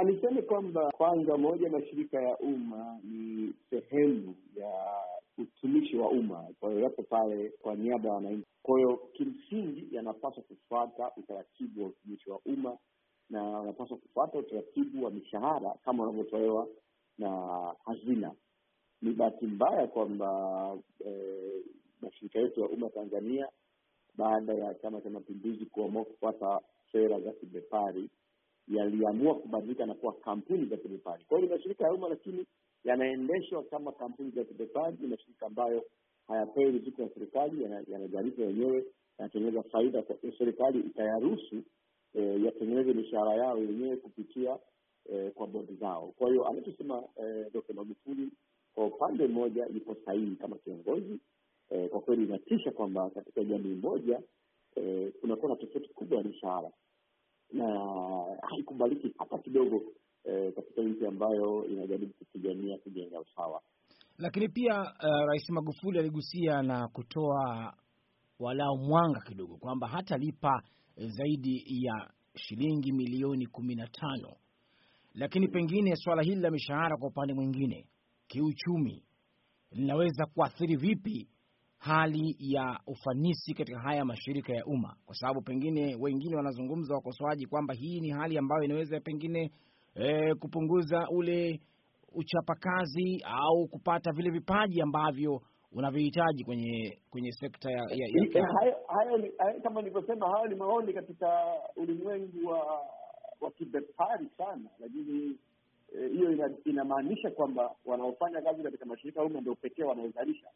Alisema kwamba kwanza, moja, mashirika ya umma ni sehemu ya utumishi wa umma, kwa hiyo yapo pale kwa niaba ya wananchi. Kwa hiyo kimsingi yanapaswa kufuata utaratibu wa utumishi wa umma na wanapaswa kufuata utaratibu wa mishahara kama wanavyotolewa na hazina. Ni bahati mbaya kwamba e, mashirika yetu ya umma Tanzania baada ya Chama cha Mapinduzi kuamua kufuata sera za kibepari yaliamua kubadilika na kuwa kampuni za kibepari. Kwa hiyo ni mashirika ya umma, lakini yanaendeshwa kama kampuni za kibepari. Ni mashirika ambayo hayapewi ruzuku ya serikali, yanajaribu wenyewe, yanatengeneza faida. Kwa serikali itayaruhusu e, yatengeneze mishahara yao yenyewe kupitia e, kwa bodi zao. Kwa hiyo anachosema e, eh, Dkt. Magufuli kwa upande mmoja yupo sahihi kama kiongozi e, kwa kweli inatisha kwamba katika jamii moja e, kunakuwa na tofauti kubwa ya mishahara na haikubaliki hata kidogo eh, katika nchi ambayo inajaribu kupigania kujenga usawa. Lakini pia uh, Rais Magufuli aligusia na kutoa walau mwanga kidogo kwamba hatalipa eh, zaidi ya shilingi milioni kumi na tano, lakini pengine swala hili la mishahara kwa upande mwingine kiuchumi linaweza kuathiri vipi hali ya ufanisi katika haya mashirika ya umma, kwa sababu pengine wengine wanazungumza wakosoaji kwamba hii ni hali ambayo inaweza pengine e, kupunguza ule uchapakazi au kupata vile vipaji ambavyo unavyohitaji kwenye kwenye sekta ya, ya, ya. Eh, hayo, hayo, hayo, eh, kama nilivyosema, hayo ni maoni katika ulimwengu wa wa kibepari sana, lakini hiyo e, inamaanisha kwamba wanaofanya kazi katika mashirika ya umma ndio pekee wanaozalisha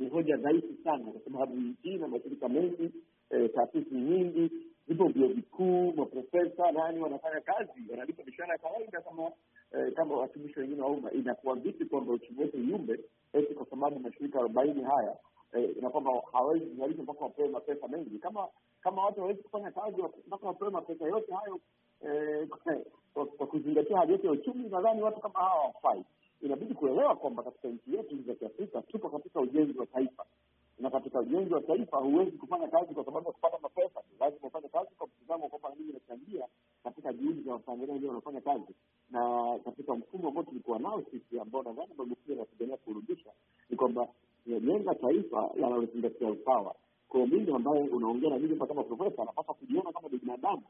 ni hoja dhaifu sana, kwa sababu na mashirika mengi, eh, taasisi nyingi zipo, vyuo vikuu, maprofesa nani wanafanya kazi, wanalipa mishahara ya kawaida kama eh, kama watumishi wengine wa umma. Inakuwa vipi kwamba uchumi wetu yumbe eti kwa sababu mashirika arobaini haya eh, na kwamba hawezi kuzalisha mpaka wapewe mapesa mengi? Kama kama watu hawawezi kufanya kazi mpaka wapewe mapesa yote hayo, kwa kuzingatia hali yote ya uchumi, nadhani watu kama hawa hawafai inabidi kuelewa kwamba katika nchi yetu hizi za Kiafrika tupo katika ujenzi wa taifa, na katika ujenzi wa taifa huwezi kufanya kazi kwa sababu ya kupata mapesa lazima ufanye kazi kwa mtizamo kwamba mimi nachangia katika juhudi za Watanzania wenyewe wanafanya kazi, na katika mfumo ambao tulikuwa nao sisi ambao nadhani Magufuli anapigania kurudisha ni kwamba jenga taifa linalozingatia usawa. kwao mimi ambaye unaongea na mimi kama profesa, anapaswa kujiona kama binadamu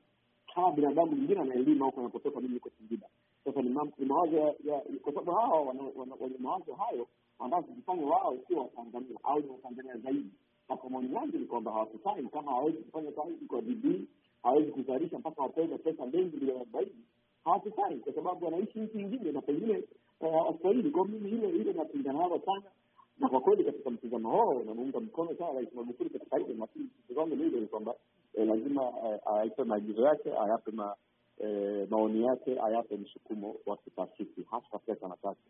kama binadamu mwingine anaelima huko anapotoka. Mimi niko Singida sasa ni mawazo ya, kwa sababu hawa wenye mawazo hayo wanataka kujifanya wao sio Watanzania au ni Watanzania zaidi. Sasa maoni ni kwamba hawakufanya kama hawezi kufanya kazi kwa bidii, hawezi kuzalisha mpaka wapeze pesa mengi milioni arobaini, hawakufanya kwa sababu wanaishi nchi ingine na pengine waswahili eh, kwao. Mimi ile ile napingana nalo sana, na kwa kweli katika mtizamo huo namuunga mkono sana Rais Magufuli katika ile, nafikiri mtizamo wangu ni kwamba eh, lazima eh, aipe maagizo yake ayape e, maoni yake ayape msukumo wa kitaasisi hasa na sarakasi